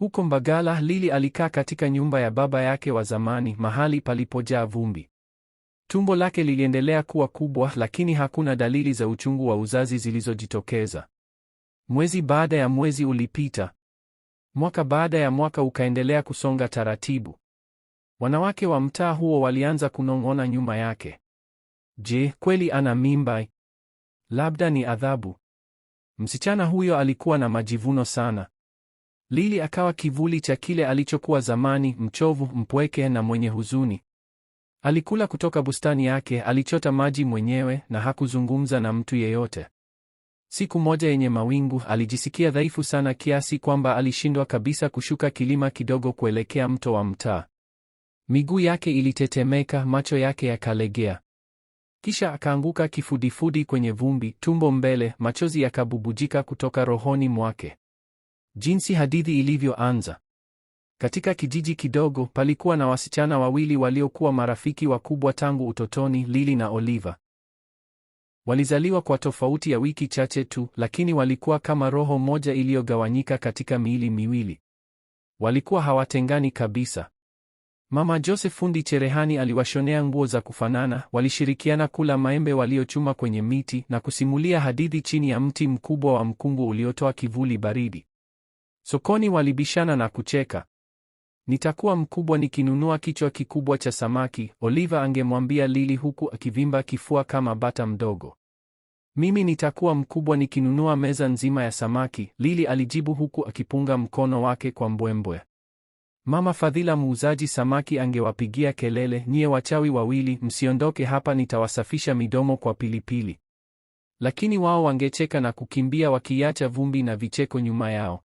Huko Mbagala, Lili alikaa katika nyumba ya baba yake wa zamani, mahali palipojaa vumbi. Tumbo lake liliendelea kuwa kubwa, lakini hakuna dalili za uchungu wa uzazi zilizojitokeza. Mwezi baada ya mwezi ulipita, mwaka baada ya mwaka ukaendelea kusonga taratibu. Wanawake wa mtaa huo walianza kunong'ona nyuma yake, je, kweli ana mimba? Labda ni adhabu. Msichana huyo alikuwa na majivuno sana. Lili akawa kivuli cha kile alichokuwa zamani, mchovu, mpweke na mwenye huzuni. Alikula kutoka bustani yake, alichota maji mwenyewe na hakuzungumza na mtu yeyote. Siku moja yenye mawingu, alijisikia dhaifu sana kiasi kwamba alishindwa kabisa kushuka kilima kidogo kuelekea mto wa mtaa. Miguu yake ilitetemeka, macho yake yakalegea. Kisha akaanguka kifudifudi kwenye vumbi, tumbo mbele, machozi yakabubujika kutoka rohoni mwake. Jinsi hadithi ilivyoanza. Katika kijiji kidogo palikuwa na wasichana wawili waliokuwa marafiki wakubwa tangu utotoni, Lili na Oliva. Walizaliwa kwa tofauti ya wiki chache tu, lakini walikuwa kama roho moja iliyogawanyika katika miili miwili. Walikuwa hawatengani kabisa. Mama Joseph fundi cherehani aliwashonea nguo za kufanana, walishirikiana kula maembe waliochuma kwenye miti na kusimulia hadithi chini ya mti mkubwa wa mkungu uliotoa kivuli baridi. Sokoni walibishana na kucheka. Nitakuwa mkubwa nikinunua kichwa kikubwa cha samaki, Oliva angemwambia Lili huku akivimba kifua kama bata mdogo. Mimi nitakuwa mkubwa nikinunua meza nzima ya samaki, Lili alijibu huku akipunga mkono wake kwa mbwembwe. Mama Fadhila muuzaji samaki angewapigia kelele, nyie wachawi wawili, msiondoke hapa, nitawasafisha midomo kwa pilipili. Lakini wao wangecheka na kukimbia wakiacha vumbi na vicheko nyuma yao.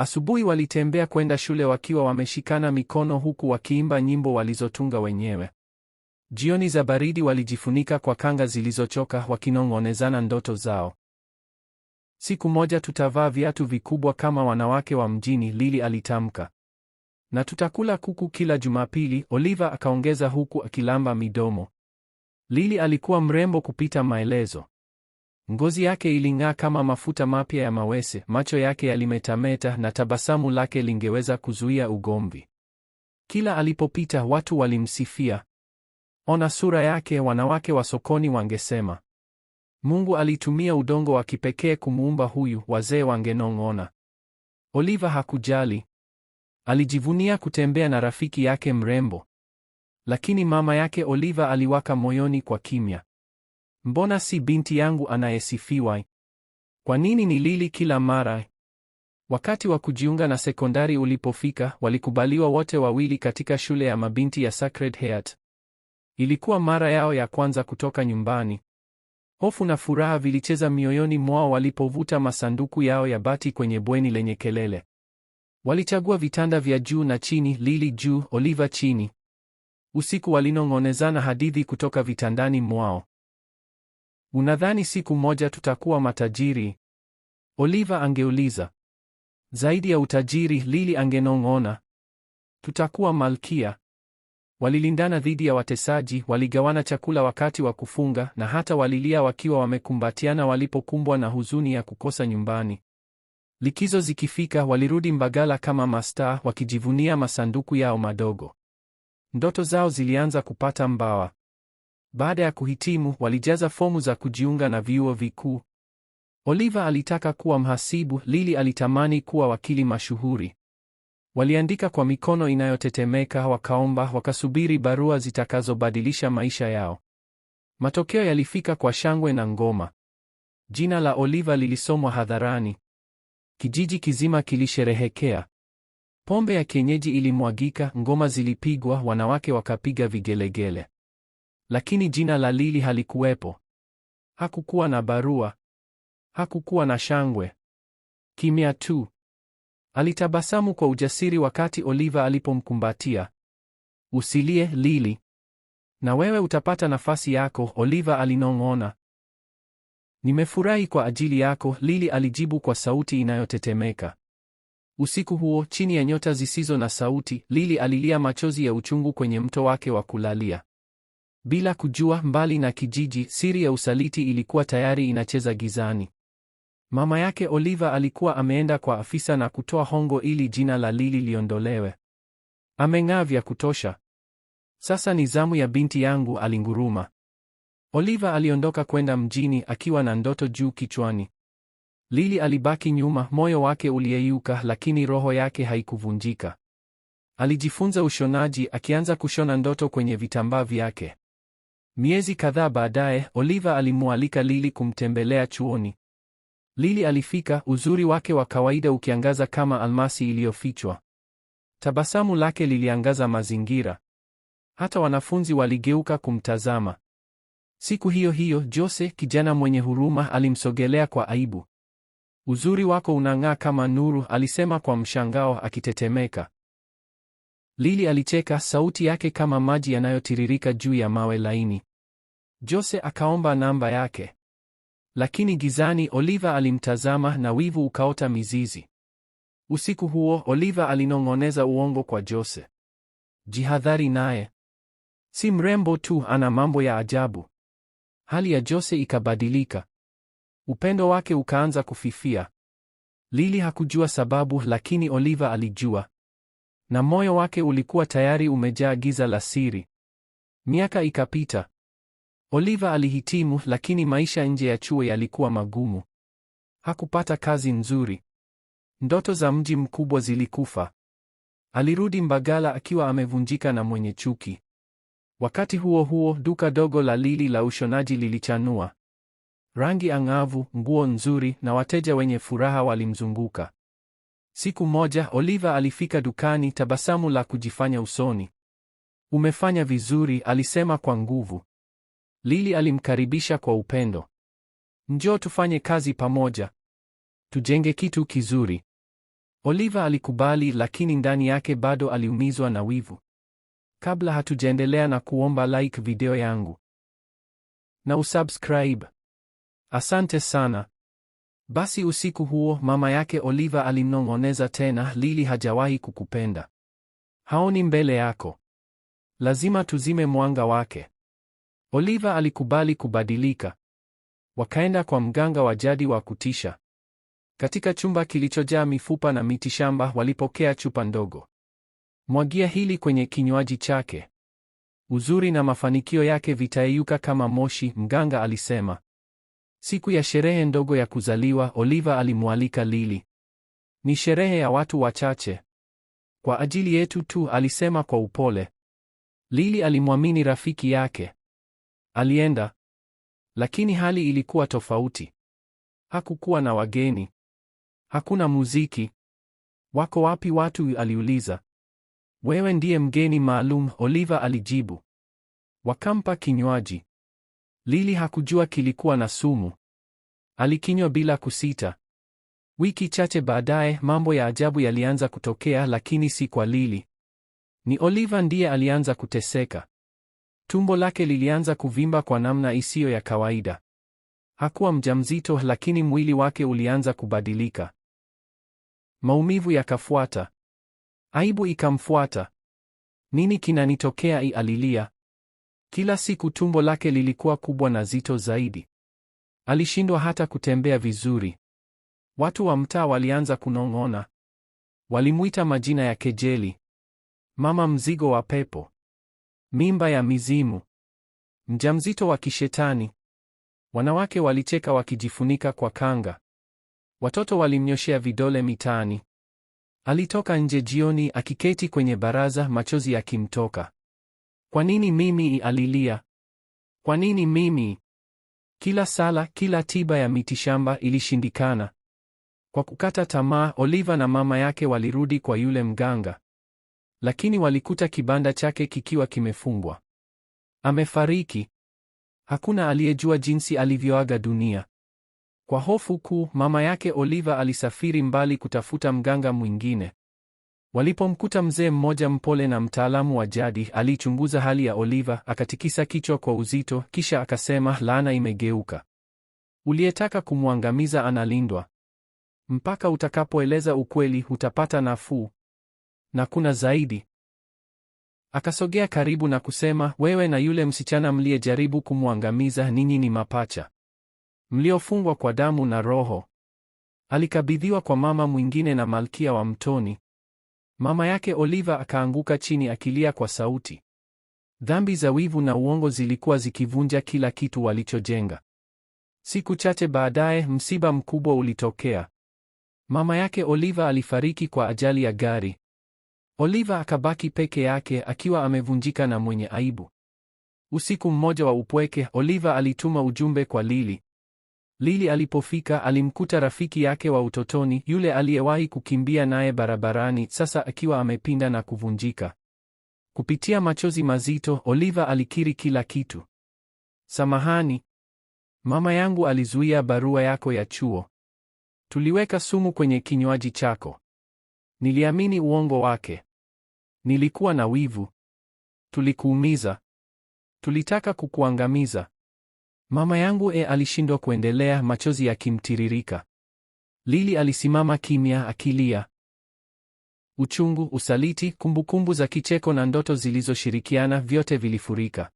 Asubuhi walitembea kwenda shule wakiwa wameshikana mikono huku wakiimba nyimbo walizotunga wenyewe. Jioni za baridi walijifunika kwa kanga zilizochoka wakinong'onezana ndoto zao. Siku moja tutavaa viatu vikubwa kama wanawake wa mjini, Lili alitamka. Na tutakula kuku kila Jumapili, Oliva akaongeza huku akilamba midomo. Lili alikuwa mrembo kupita maelezo. Ngozi yake iling'aa kama mafuta mapya ya mawese, macho yake yalimetameta na tabasamu lake lingeweza kuzuia ugomvi. Kila alipopita watu walimsifia. Ona sura yake, wanawake wa sokoni wangesema. Mungu alitumia udongo wa kipekee kumuumba huyu, wazee wangenong'ona. Oliva hakujali. Alijivunia kutembea na rafiki yake mrembo. Lakini mama yake Oliva aliwaka moyoni kwa kimya. Mbona si binti yangu anayesifiwa? Kwa nini ni Lili kila mara? Wakati wa kujiunga na sekondari ulipofika, walikubaliwa wote wawili katika shule ya mabinti ya Sacred Heart. Ilikuwa mara yao ya kwanza kutoka nyumbani. Hofu na furaha vilicheza mioyoni mwao walipovuta masanduku yao ya bati kwenye bweni lenye kelele. Walichagua vitanda vya juu na chini, Lili juu, Oliva chini. Usiku walinong'onezana hadithi kutoka vitandani mwao. Unadhani siku moja tutakuwa matajiri? Oliva angeuliza. Zaidi ya utajiri, Lili angenong'ona. Tutakuwa malkia. Walilindana dhidi ya watesaji, waligawana chakula wakati wa kufunga na hata walilia wakiwa wamekumbatiana walipokumbwa na huzuni ya kukosa nyumbani. Likizo zikifika, walirudi Mbagala kama mastaa wakijivunia masanduku yao madogo. Ndoto zao zilianza kupata mbawa. Baada ya kuhitimu, walijaza fomu za kujiunga na vyuo vikuu. Oliver alitaka kuwa mhasibu, lili alitamani kuwa wakili mashuhuri. Waliandika kwa mikono inayotetemeka, wakaomba, wakasubiri barua zitakazobadilisha maisha yao. Matokeo yalifika kwa shangwe na ngoma. Jina la Oliver lilisomwa hadharani. Kijiji kizima kilisherehekea. Pombe ya kienyeji ilimwagika, ngoma zilipigwa, wanawake wakapiga vigelegele. Lakini jina la lili halikuwepo. Hakukuwa na barua, hakukuwa na shangwe, kimya tu. Alitabasamu kwa ujasiri wakati Oliva alipomkumbatia. Usilie lili na wewe utapata nafasi yako, Oliva alinong'ona. Nimefurahi kwa ajili yako, lili alijibu kwa sauti inayotetemeka. Usiku huo, chini ya nyota zisizo na sauti, lili alilia machozi ya uchungu kwenye mto wake wa kulalia. Bila kujua, mbali na kijiji, siri ya usaliti ilikuwa tayari inacheza gizani. Mama yake Oliva alikuwa ameenda kwa afisa na kutoa hongo ili jina la Lili liondolewe. Ameng'aa vya kutosha. Sasa ni zamu ya binti yangu, alinguruma. Oliva aliondoka kwenda mjini akiwa na ndoto juu kichwani. Lili alibaki nyuma, moyo wake uliyeyuka, lakini roho yake haikuvunjika. Alijifunza ushonaji, akianza kushona ndoto kwenye vitambaa vyake. Miezi kadhaa baadaye, Oliva alimwalika Lili kumtembelea chuoni. Lili alifika, uzuri wake wa kawaida ukiangaza kama almasi iliyofichwa. Tabasamu lake liliangaza mazingira. Hata wanafunzi waligeuka kumtazama. Siku hiyo hiyo, Jose, kijana mwenye huruma, alimsogelea kwa aibu. Uzuri wako unang'aa kama nuru, alisema kwa mshangao akitetemeka. Lili alicheka, sauti yake kama maji yanayotiririka juu ya mawe laini. Jose akaomba namba yake, lakini gizani Oliva alimtazama na wivu ukaota mizizi. Usiku huo Oliva alinong'oneza uongo kwa Jose, jihadhari naye, si mrembo tu, ana mambo ya ajabu. Hali ya Jose ikabadilika, upendo wake ukaanza kufifia. Lili hakujua sababu, lakini Oliva alijua na moyo wake ulikuwa tayari umejaa giza la siri. Miaka ikapita. Oliva alihitimu, lakini maisha nje ya chuo yalikuwa magumu. Hakupata kazi nzuri. Ndoto za mji mkubwa zilikufa. Alirudi Mbagala akiwa amevunjika na mwenye chuki. Wakati huo huo, duka dogo la Lili la ushonaji lilichanua. Rangi ang'avu, nguo nzuri na wateja wenye furaha walimzunguka. Siku moja Oliva alifika dukani, tabasamu la kujifanya usoni. Umefanya vizuri, alisema kwa nguvu. Lili alimkaribisha kwa upendo. Njoo tufanye kazi pamoja, tujenge kitu kizuri. Oliva alikubali, lakini ndani yake bado aliumizwa na wivu. Kabla hatujaendelea, na kuomba like video yangu na usubscribe. Asante sana. Basi usiku huo mama yake Oliva alimnong'oneza tena, Lili hajawahi kukupenda, haoni mbele yako, lazima tuzime mwanga wake. Oliva alikubali kubadilika. Wakaenda kwa mganga wa jadi wa kutisha. Katika chumba kilichojaa mifupa na mitishamba, walipokea chupa ndogo. Mwagia hili kwenye kinywaji chake, uzuri na mafanikio yake vitayeyuka kama moshi, mganga alisema. Siku ya sherehe ndogo ya kuzaliwa, Oliva alimwalika Lili. Ni sherehe ya watu wachache. Kwa ajili yetu tu, alisema kwa upole. Lili alimwamini rafiki yake. Alienda. Lakini hali ilikuwa tofauti. Hakukuwa na wageni. Hakuna muziki. Wako wapi watu? aliuliza. Wewe ndiye mgeni maalum, Oliva alijibu. Wakampa kinywaji. Lili hakujua kilikuwa na sumu. Alikinywa bila kusita. Wiki chache baadaye, mambo ya ajabu yalianza kutokea, lakini si kwa Lili. Ni Oliva ndiye alianza kuteseka. Tumbo lake lilianza kuvimba kwa namna isiyo ya kawaida. Hakuwa mjamzito, lakini mwili wake ulianza kubadilika. Maumivu yakafuata, aibu ikamfuata. Nini kinanitokea? i alilia. Kila siku tumbo lake lilikuwa kubwa na zito zaidi. Alishindwa hata kutembea vizuri. Watu wa mtaa walianza kunong'ona. Walimuita majina ya kejeli. Mama mzigo wa pepo. Mimba ya mizimu. Mjamzito wa kishetani. Wanawake walicheka wakijifunika kwa kanga. Watoto walimnyoshea vidole mitaani. Alitoka nje jioni akiketi kwenye baraza machozi yakimtoka. Kwa nini mimi? Alilia. Kwa nini mimi? Kila sala, kila tiba ya mitishamba ilishindikana. Kwa kukata tamaa, Oliva na mama yake walirudi kwa yule mganga, lakini walikuta kibanda chake kikiwa kimefungwa. Amefariki. Hakuna aliyejua jinsi alivyoaga dunia. Kwa hofu kuu, mama yake Oliva alisafiri mbali kutafuta mganga mwingine. Walipomkuta mzee mmoja mpole na mtaalamu wa jadi, alichunguza hali ya Oliva, akatikisa kichwa kwa uzito, kisha akasema, laana imegeuka. Uliyetaka kumwangamiza analindwa. Mpaka utakapoeleza ukweli, utapata nafuu. Na kuna zaidi. Akasogea karibu na kusema, wewe na yule msichana mliyejaribu kumwangamiza, ninyi ni mapacha mliofungwa kwa damu na roho. Alikabidhiwa kwa mama mwingine na malkia wa mtoni. Mama yake Oliva akaanguka chini akilia kwa sauti. Dhambi za wivu na uongo zilikuwa zikivunja kila kitu walichojenga. Siku chache baadaye, msiba mkubwa ulitokea. Mama yake Oliva alifariki kwa ajali ya gari. Oliva akabaki peke yake akiwa amevunjika na mwenye aibu. Usiku mmoja wa upweke, Oliva alituma ujumbe kwa Lili. Lili alipofika alimkuta rafiki yake wa utotoni yule aliyewahi kukimbia naye barabarani, sasa akiwa amepinda na kuvunjika. Kupitia machozi mazito, Oliva alikiri kila kitu. Samahani, mama yangu alizuia barua yako ya chuo. Tuliweka sumu kwenye kinywaji chako. Niliamini uongo wake. Nilikuwa na wivu. Tulikuumiza. Tulitaka kukuangamiza. Mama yangu e, alishindwa kuendelea, machozi yakimtiririka. Lili alisimama kimya akilia. Uchungu, usaliti, kumbukumbu za kicheko na ndoto zilizoshirikiana vyote vilifurika.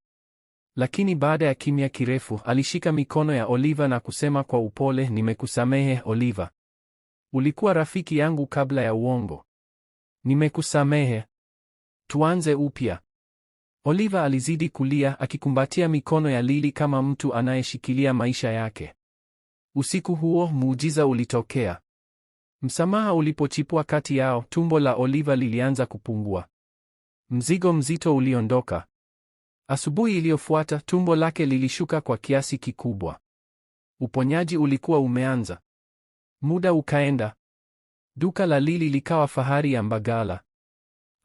Lakini baada ya kimya kirefu, alishika mikono ya Oliva na kusema kwa upole, nimekusamehe Oliva, ulikuwa rafiki yangu kabla ya uongo, nimekusamehe, tuanze upya. Oliver alizidi kulia akikumbatia mikono ya lili kama mtu anayeshikilia maisha yake. Usiku huo muujiza ulitokea. Msamaha ulipochipua kati yao, tumbo la Oliver lilianza kupungua. Mzigo mzito uliondoka. Asubuhi iliyofuata, tumbo lake lilishuka kwa kiasi kikubwa. Uponyaji ulikuwa umeanza. Muda ukaenda. Duka la lili likawa fahari ya Mbagala.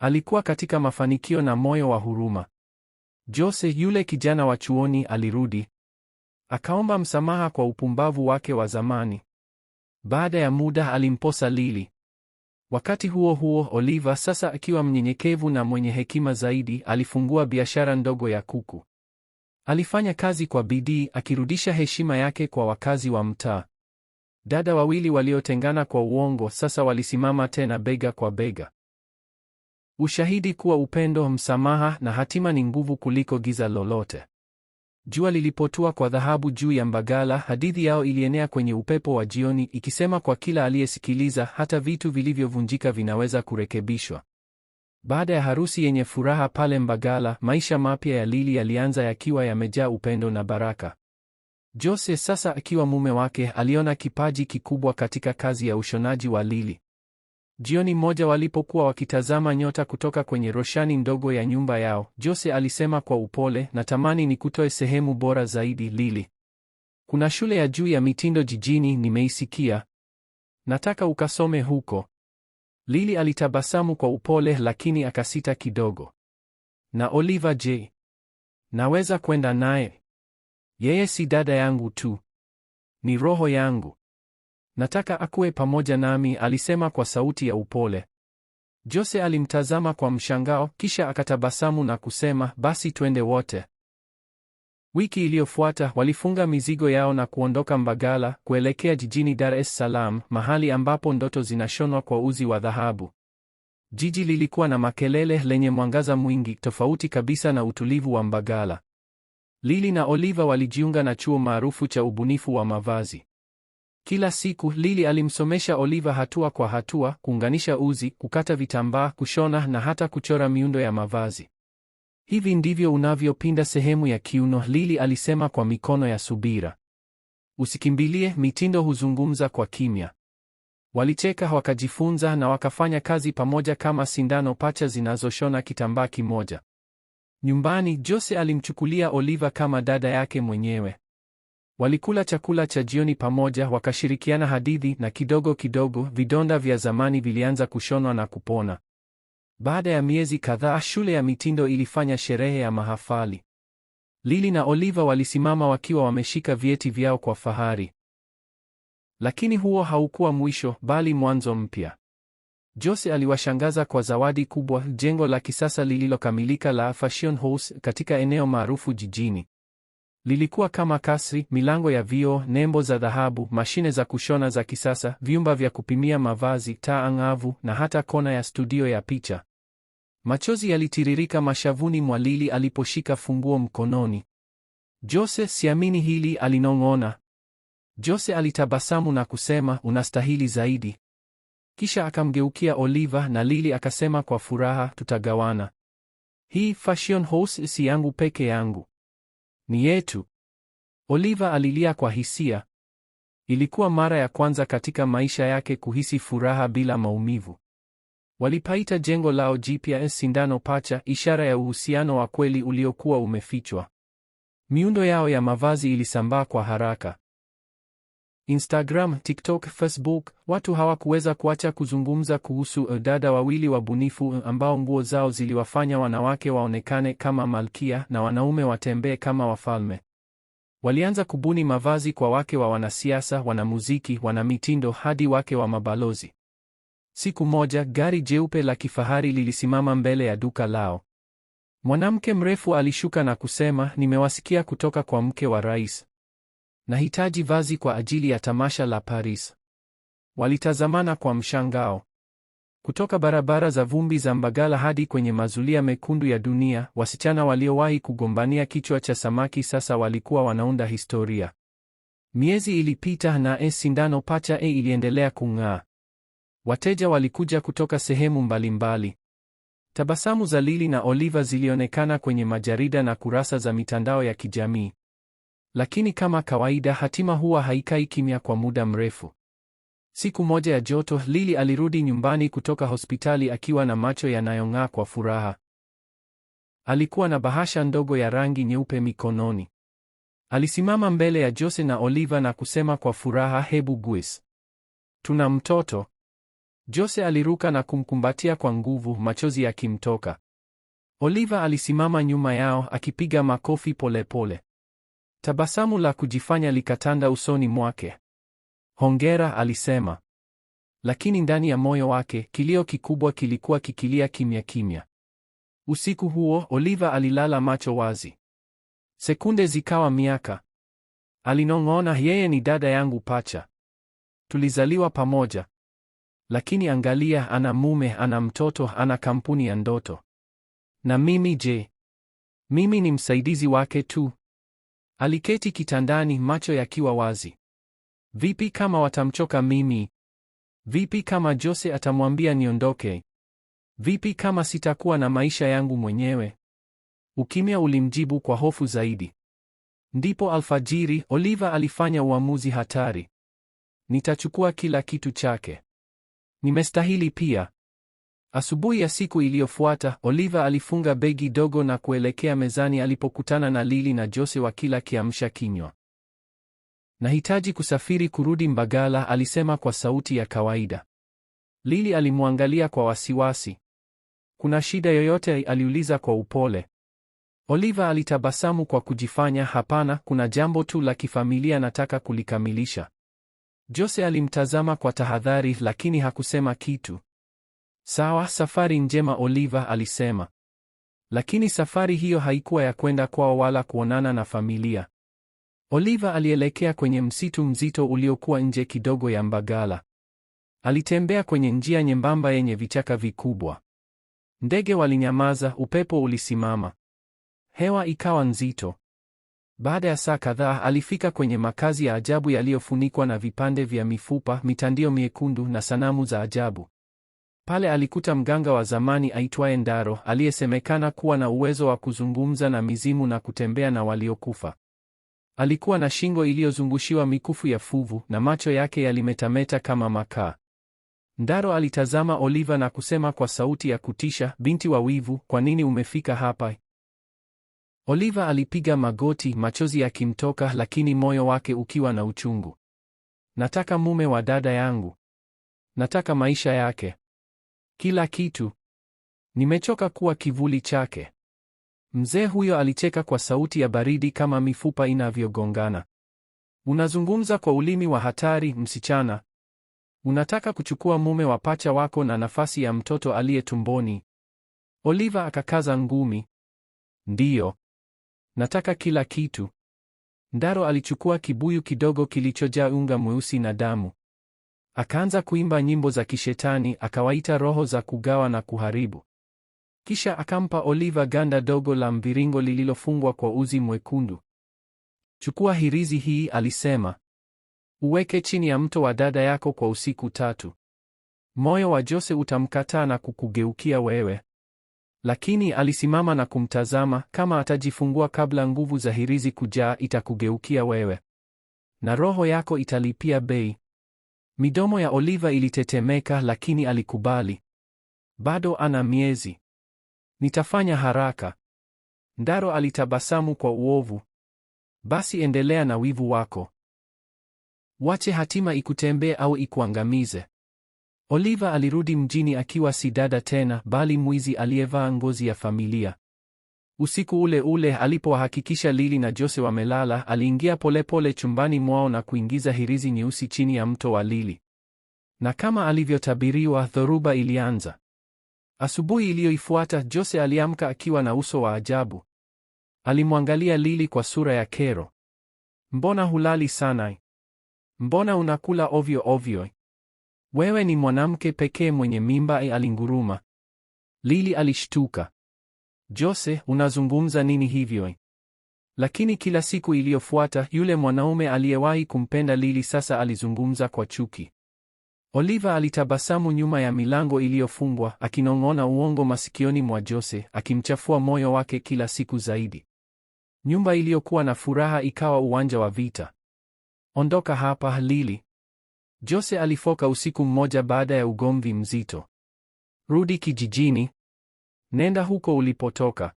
Alikuwa katika mafanikio na moyo wa huruma. Jose, yule kijana wa chuoni, alirudi. Akaomba msamaha kwa upumbavu wake wa zamani. Baada ya muda alimposa Lili. Wakati huo huo, Oliva sasa akiwa mnyenyekevu na mwenye hekima zaidi, alifungua biashara ndogo ya kuku. Alifanya kazi kwa bidii, akirudisha heshima yake kwa wakazi wa mtaa. Dada wawili waliotengana kwa uongo sasa walisimama tena bega kwa bega. Ushahidi kuwa upendo, msamaha na hatima ni nguvu kuliko giza lolote. Jua lilipotua kwa dhahabu juu ya Mbagala, hadithi yao ilienea kwenye upepo wa jioni, ikisema kwa kila aliyesikiliza, hata vitu vilivyovunjika vinaweza kurekebishwa. Baada ya harusi yenye furaha pale Mbagala, maisha mapya ya Lili yalianza yakiwa yamejaa upendo na baraka. Jose sasa akiwa mume wake, aliona kipaji kikubwa katika kazi ya ushonaji wa Lili. Jioni moja walipokuwa wakitazama nyota kutoka kwenye roshani ndogo ya nyumba yao, Jose alisema kwa upole, natamani nikutoe sehemu bora zaidi Lili. Kuna shule ya juu ya mitindo jijini nimeisikia. Nataka ukasome huko. Lili alitabasamu kwa upole lakini akasita kidogo. Na Oliver J? Naweza kwenda naye? Yeye si dada yangu tu. Ni roho yangu. Nataka akuwe pamoja nami, alisema kwa sauti ya upole. Jose alimtazama kwa mshangao, kisha akatabasamu na kusema, basi twende wote. Wiki iliyofuata walifunga mizigo yao na kuondoka Mbagala kuelekea jijini Dar es Salaam, mahali ambapo ndoto zinashonwa kwa uzi wa dhahabu. Jiji lilikuwa na makelele, lenye mwangaza mwingi, tofauti kabisa na utulivu wa Mbagala. Lili na Oliva walijiunga na chuo maarufu cha ubunifu wa mavazi. Kila siku lili alimsomesha Oliva hatua kwa hatua, kuunganisha uzi, kukata vitambaa, kushona na hata kuchora miundo ya mavazi. Hivi ndivyo unavyopinda sehemu ya kiuno, lili alisema kwa mikono ya subira. Usikimbilie, mitindo huzungumza kwa kimya. Walicheka, wakajifunza na wakafanya kazi pamoja kama sindano pacha zinazoshona kitambaa kimoja. Nyumbani, Jose alimchukulia Oliva kama dada yake mwenyewe. Walikula chakula cha jioni pamoja, wakashirikiana hadithi, na kidogo kidogo vidonda vya zamani vilianza kushonwa na kupona. Baada ya miezi kadhaa, shule ya mitindo ilifanya sherehe ya mahafali. Lili na Oliva walisimama wakiwa wameshika vyeti vyao kwa fahari. Lakini huo haukuwa mwisho, bali mwanzo mpya. Jose aliwashangaza kwa zawadi kubwa, jengo la kisasa lililokamilika la Fashion House katika eneo maarufu jijini. Lilikuwa kama kasri, milango ya vioo, nembo za dhahabu, mashine za kushona za kisasa, vyumba vya kupimia mavazi, taa angavu na hata kona ya studio ya picha. Machozi yalitiririka mashavuni mwa Lili aliposhika funguo mkononi. Jose, siamini hili, alinong'ona. Jose alitabasamu na kusema, unastahili zaidi. Kisha akamgeukia Oliva na Lili akasema kwa furaha, tutagawana. Hii fashion house si yangu peke yangu. Ni yetu. Oliva alilia kwa hisia. Ilikuwa mara ya kwanza katika maisha yake kuhisi furaha bila maumivu. Walipaita jengo lao jipya e Sindano Pacha, ishara ya uhusiano wa kweli uliokuwa umefichwa. Miundo yao ya mavazi ilisambaa kwa haraka. Instagram, TikTok, Facebook, watu hawakuweza kuacha kuzungumza kuhusu eh, dada wawili wabunifu eh, ambao nguo zao ziliwafanya wanawake waonekane kama malkia na wanaume watembee kama wafalme. Walianza kubuni mavazi kwa wake wa wanasiasa, wanamuziki, wanamitindo hadi wake wa mabalozi. Siku moja, gari jeupe la kifahari lilisimama mbele ya duka lao. Mwanamke mrefu alishuka na kusema, nimewasikia kutoka kwa mke wa rais. Nahitaji vazi kwa ajili ya tamasha la Paris. Walitazamana kwa mshangao. Kutoka barabara za vumbi za Mbagala hadi kwenye mazulia mekundu ya dunia, wasichana waliowahi kugombania kichwa cha samaki sasa walikuwa wanaunda historia. Miezi ilipita na e sindano pacha e iliendelea kung'aa. Wateja walikuja kutoka sehemu mbalimbali. Tabasamu za Lili na Oliva zilionekana kwenye majarida na kurasa za mitandao ya kijamii. Lakini kama kawaida, hatima huwa haikai kimya kwa muda mrefu. Siku moja ya joto, lili alirudi nyumbani kutoka hospitali akiwa na macho yanayong'aa kwa furaha. Alikuwa na bahasha ndogo ya rangi nyeupe mikononi. Alisimama mbele ya Jose na Oliva na kusema kwa furaha, hebu guis, tuna mtoto. Jose aliruka na kumkumbatia kwa nguvu, machozi yakimtoka. Oliva alisimama nyuma yao akipiga makofi polepole pole. Tabasamu la kujifanya likatanda usoni mwake. Hongera, alisema, lakini ndani ya moyo wake kilio kikubwa kilikuwa kikilia kimya kimya. Usiku huo Oliva alilala macho wazi. Sekunde zikawa miaka. Alinong'ona, yeye ni dada yangu pacha, tulizaliwa pamoja, lakini angalia, ana mume, ana mtoto, ana kampuni ya ndoto. Na mimi je? Mimi ni msaidizi wake tu. Aliketi kitandani, macho yakiwa wazi. Vipi kama watamchoka mimi? Vipi kama Jose atamwambia niondoke? Vipi kama sitakuwa na maisha yangu mwenyewe? Ukimya ulimjibu kwa hofu zaidi. Ndipo alfajiri, Oliva alifanya uamuzi hatari. Nitachukua kila kitu chake. Nimestahili pia. Asubuhi ya siku iliyofuata, Oliva alifunga begi dogo na kuelekea mezani alipokutana na Lili na Jose wa kila kiamsha kinywa. Nahitaji kusafiri kurudi Mbagala, alisema kwa sauti ya kawaida. Lili alimwangalia kwa wasiwasi. Kuna shida yoyote? aliuliza kwa upole. Oliva alitabasamu kwa kujifanya. Hapana, kuna jambo tu la kifamilia nataka kulikamilisha. Jose alimtazama kwa tahadhari, lakini hakusema kitu. Sawa, safari njema, Oliva alisema. Lakini safari hiyo haikuwa ya kwenda kwao wala kuonana na familia. Oliva alielekea kwenye msitu mzito uliokuwa nje kidogo ya Mbagala. Alitembea kwenye njia nyembamba yenye vichaka vikubwa. Ndege walinyamaza, upepo ulisimama. Hewa ikawa nzito. Baada ya saa kadhaa alifika kwenye makazi ya ajabu yaliyofunikwa na vipande vya mifupa, mitandio miekundu na sanamu za ajabu. Pale alikuta mganga wa zamani aitwaye Ndaro aliyesemekana kuwa na uwezo wa kuzungumza na mizimu na kutembea na waliokufa. Alikuwa na shingo iliyozungushiwa mikufu ya fuvu na macho yake yalimetameta kama makaa. Ndaro alitazama Oliva na kusema kwa sauti ya kutisha, binti wa wivu, kwa nini umefika hapa? Oliva alipiga magoti, machozi yakimtoka, lakini moyo wake ukiwa na uchungu. Nataka mume wa dada yangu, nataka maisha yake. Kila kitu. Nimechoka kuwa kivuli chake. Mzee huyo alicheka kwa sauti ya baridi kama mifupa inavyogongana. Unazungumza kwa ulimi wa hatari, msichana. Unataka kuchukua mume wa pacha wako na nafasi ya mtoto aliye tumboni. Oliva akakaza ngumi. Ndiyo. Nataka kila kitu. Ndaro alichukua kibuyu kidogo kilichojaa unga mweusi na damu. Akaanza kuimba nyimbo za kishetani, akawaita roho za kugawa na kuharibu. Kisha akampa Oliva ganda dogo la mviringo lililofungwa kwa uzi mwekundu. Chukua hirizi hii, alisema, uweke chini ya mto wa dada yako kwa usiku tatu. Moyo wa Jose utamkataa na kukugeukia wewe. Lakini alisimama na kumtazama, kama atajifungua kabla nguvu za hirizi kujaa, itakugeukia wewe na roho yako italipia bei. Midomo ya Oliva ilitetemeka lakini alikubali. Bado ana miezi. Nitafanya haraka. Ndaro alitabasamu kwa uovu. Basi endelea na wivu wako. Wache hatima ikutembee au ikuangamize. Oliva alirudi mjini akiwa si dada tena bali mwizi aliyevaa ngozi ya familia. Usiku ule ule alipowahakikisha Lili na Jose wamelala, aliingia polepole chumbani mwao na kuingiza hirizi nyeusi chini ya mto wa Lili, na kama alivyotabiriwa, dhoruba ilianza. Asubuhi iliyoifuata Jose aliamka akiwa na uso wa ajabu. Alimwangalia Lili kwa sura ya kero. Mbona hulali sana? Mbona unakula ovyo ovyo? Wewe ni mwanamke pekee mwenye mimba, alinguruma. Lili alishtuka. Jose, unazungumza nini hivyo? Lakini kila siku iliyofuata, yule mwanaume aliyewahi kumpenda Lili sasa alizungumza kwa chuki. Oliva alitabasamu nyuma ya milango iliyofungwa, akinong'ona uongo masikioni mwa Jose, akimchafua moyo wake kila siku zaidi. Nyumba iliyokuwa na furaha ikawa uwanja wa vita. Ondoka hapa Lili. Jose alifoka usiku mmoja baada ya ugomvi mzito. Rudi kijijini. Nenda huko ulipotoka.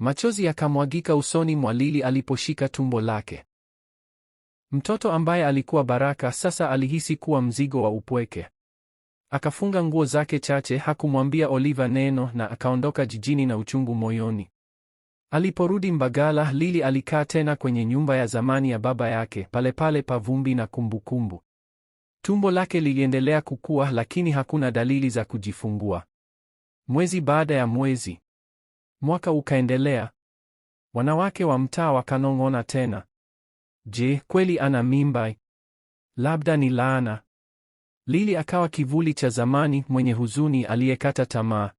Machozi yakamwagika usoni mwa Lili aliposhika tumbo lake. Mtoto ambaye alikuwa baraka sasa alihisi kuwa mzigo wa upweke. Akafunga nguo zake chache, hakumwambia Oliva neno na akaondoka jijini na uchungu moyoni. Aliporudi Mbagala, Lili alikaa tena kwenye nyumba ya zamani ya baba yake, palepale pa vumbi na kumbukumbu. Tumbo lake liliendelea kukua, lakini hakuna dalili za kujifungua. Mwezi baada ya mwezi, mwaka ukaendelea. Wanawake wa mtaa wakanong'ona tena, je, kweli ana mimba? Labda ni laana. Lili akawa kivuli cha zamani, mwenye huzuni, aliyekata tamaa.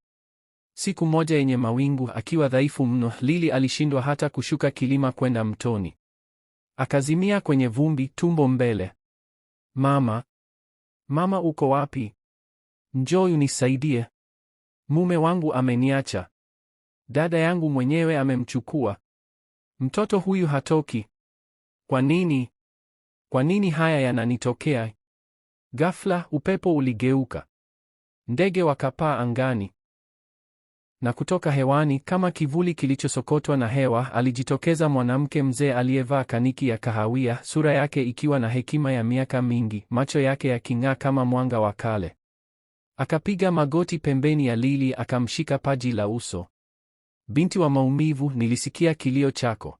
Siku moja yenye mawingu, akiwa dhaifu mno, Lili alishindwa hata kushuka kilima kwenda mtoni. Akazimia kwenye vumbi, tumbo mbele. Mama, mama, uko wapi? Njoo unisaidie. Mume wangu ameniacha. Dada yangu mwenyewe amemchukua. Mtoto huyu hatoki. Kwa nini? Kwa nini haya yananitokea? Ghafla upepo uligeuka. Ndege wakapaa angani. Na kutoka hewani kama kivuli kilichosokotwa na hewa, alijitokeza mwanamke mzee aliyevaa kaniki ya kahawia, sura yake ikiwa na hekima ya miaka mingi, macho yake yaking'aa kama mwanga wa kale. Akapiga magoti pembeni ya Lili akamshika paji la uso. Binti wa maumivu, nilisikia kilio chako.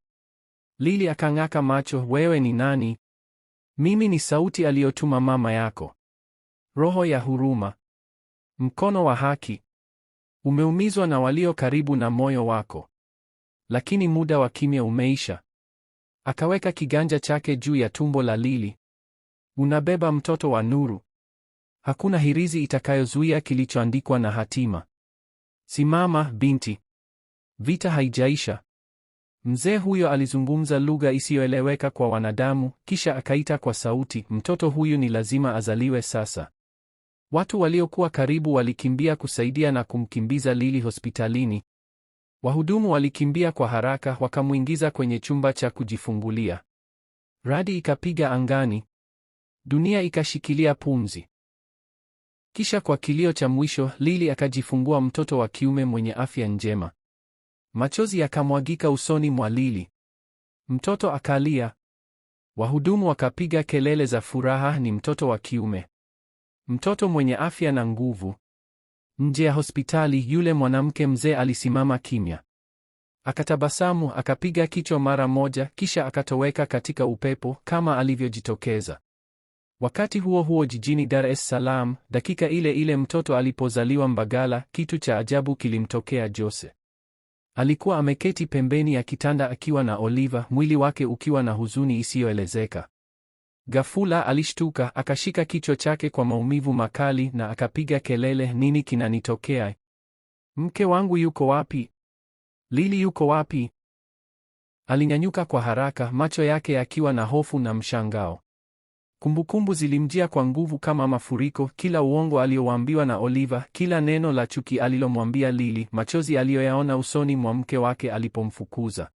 Lili akang'aka macho, wewe ni nani? Mimi ni sauti aliyotuma mama yako. Roho ya huruma, mkono wa haki. Umeumizwa na walio karibu na moyo wako, lakini muda wa kimya umeisha. Akaweka kiganja chake juu ya tumbo la Lili. Unabeba mtoto wa nuru. Hakuna hirizi itakayozuia kilichoandikwa na hatima. Simama binti, vita haijaisha. Mzee huyo alizungumza lugha isiyoeleweka kwa wanadamu, kisha akaita kwa sauti, mtoto huyu ni lazima azaliwe sasa. Watu waliokuwa karibu walikimbia kusaidia na kumkimbiza Lili hospitalini. Wahudumu walikimbia kwa haraka, wakamwingiza kwenye chumba cha kujifungulia. Radi ikapiga angani, dunia ikashikilia pumzi. Kisha kwa kilio cha mwisho, lili akajifungua mtoto wa kiume mwenye afya njema. Machozi yakamwagika usoni mwa lili Mtoto akalia. Wahudumu wakapiga kelele za furaha, ni mtoto wa kiume. Mtoto mwenye afya na nguvu. Nje ya hospitali, yule mwanamke mzee alisimama kimya. Akatabasamu, akapiga kichwa mara moja, kisha akatoweka katika upepo kama alivyojitokeza. Wakati huo huo jijini Dar es Salaam, dakika ile ile mtoto alipozaliwa Mbagala, kitu cha ajabu kilimtokea Jose. Alikuwa ameketi pembeni ya kitanda akiwa na Oliva, mwili wake ukiwa na huzuni isiyoelezeka. Ghafula alishtuka, akashika kichwa chake kwa maumivu makali na akapiga kelele, nini kinanitokea? Mke wangu yuko wapi? Lili yuko wapi? Alinyanyuka kwa haraka, macho yake yakiwa na hofu na mshangao. Kumbukumbu zilimjia kwa nguvu kama mafuriko, kila uongo aliyowaambiwa na Oliva, kila neno la chuki alilomwambia Lili, machozi aliyoyaona usoni mwa mke wake alipomfukuza.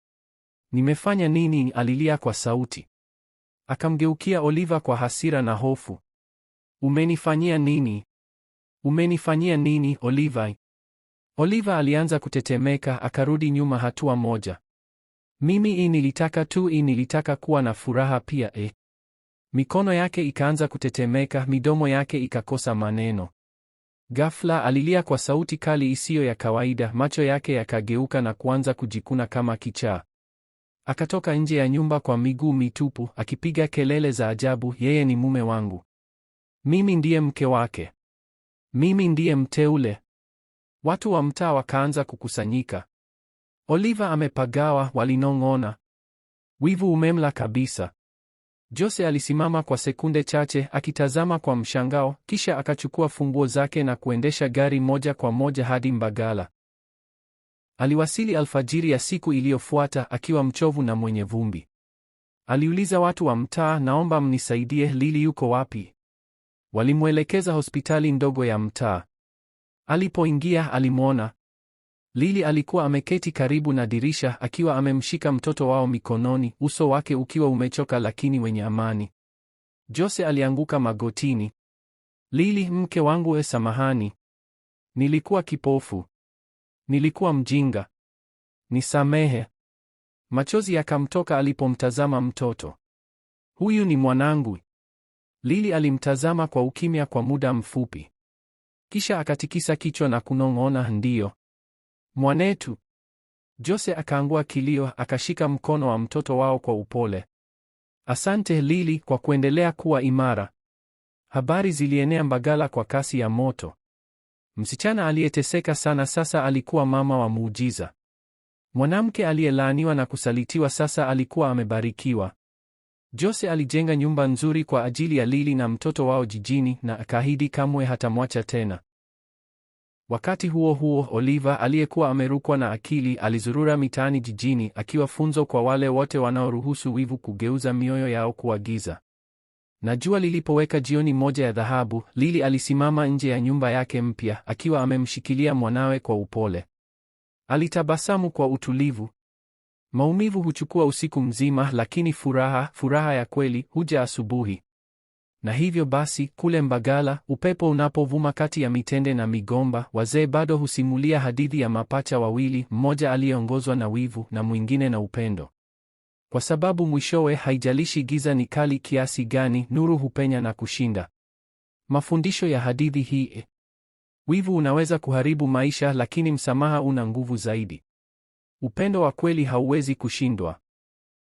Nimefanya nini? Alilia kwa sauti. Akamgeukia Oliva kwa hasira na hofu. Umenifanyia nini? Umenifanyia nini, Oliva? Oliva alianza kutetemeka, akarudi nyuma hatua moja. Mimi, i nilitaka tu, i nilitaka kuwa na furaha pia eh. Mikono yake ikaanza kutetemeka, midomo yake ikakosa maneno. Ghafla alilia kwa sauti kali isiyo ya kawaida, macho yake yakageuka na kuanza kujikuna kama kichaa. Akatoka nje ya nyumba kwa miguu mitupu, akipiga kelele za ajabu, yeye ni mume wangu. Mimi ndiye mke wake. Mimi ndiye mteule. Watu wa mtaa wakaanza kukusanyika. Oliva amepagawa, walinong'ona. Wivu umemla kabisa. Jose alisimama kwa sekunde chache akitazama kwa mshangao, kisha akachukua funguo zake na kuendesha gari moja kwa moja hadi Mbagala. Aliwasili alfajiri ya siku iliyofuata akiwa mchovu na mwenye vumbi. Aliuliza watu wa mtaa, naomba mnisaidie, Lili yuko wapi? Walimwelekeza hospitali ndogo ya mtaa. Alipoingia alimwona Lili alikuwa ameketi karibu na dirisha akiwa amemshika mtoto wao mikononi, uso wake ukiwa umechoka lakini wenye amani. Jose alianguka magotini. Lili, mke wangu, e, samahani. Nilikuwa kipofu. Nilikuwa mjinga. Nisamehe. Machozi yakamtoka alipomtazama mtoto. Huyu ni mwanangu. Lili alimtazama kwa ukimya kwa muda mfupi. Kisha akatikisa kichwa na kunong'ona, ndiyo mwanetu. Jose akaangua kilio, akashika mkono wa mtoto wao kwa upole. Asante Lili kwa kuendelea kuwa imara. Habari zilienea Mbagala kwa kasi ya moto. Msichana aliyeteseka sana sasa alikuwa mama wa muujiza. Mwanamke aliyelaaniwa na kusalitiwa sasa alikuwa amebarikiwa. Jose alijenga nyumba nzuri kwa ajili ya Lili na mtoto wao jijini na akaahidi kamwe hatamwacha tena. Wakati huo huo, Oliva aliyekuwa amerukwa na akili alizurura mitaani jijini akiwa funzo kwa wale wote wanaoruhusu wivu kugeuza mioyo yao kuwa giza. Na jua lilipoweka jioni moja ya dhahabu, Lili alisimama nje ya nyumba yake mpya akiwa amemshikilia mwanawe kwa upole. Alitabasamu kwa utulivu. Maumivu huchukua usiku mzima, lakini furaha, furaha ya kweli, huja asubuhi. Na hivyo basi, kule Mbagala, upepo unapovuma kati ya mitende na migomba, wazee bado husimulia hadithi ya mapacha wawili, mmoja aliyeongozwa na wivu na mwingine na upendo, kwa sababu mwishowe, haijalishi giza ni kali kiasi gani, nuru hupenya na kushinda. Mafundisho ya hadithi hii: eh. wivu unaweza kuharibu maisha, lakini msamaha una nguvu zaidi. Upendo wa kweli hauwezi kushindwa.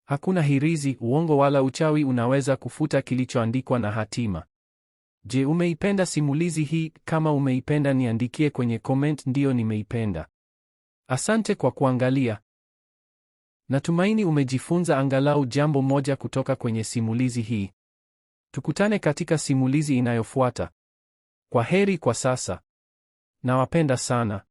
Hakuna hirizi, uongo wala uchawi unaweza kufuta kilichoandikwa na hatima. Je, umeipenda simulizi hii? Kama umeipenda, niandikie kwenye comment ndiyo nimeipenda. Asante kwa kuangalia. Natumaini umejifunza angalau jambo moja kutoka kwenye simulizi hii. Tukutane katika simulizi inayofuata. Kwa heri kwa sasa. Nawapenda sana.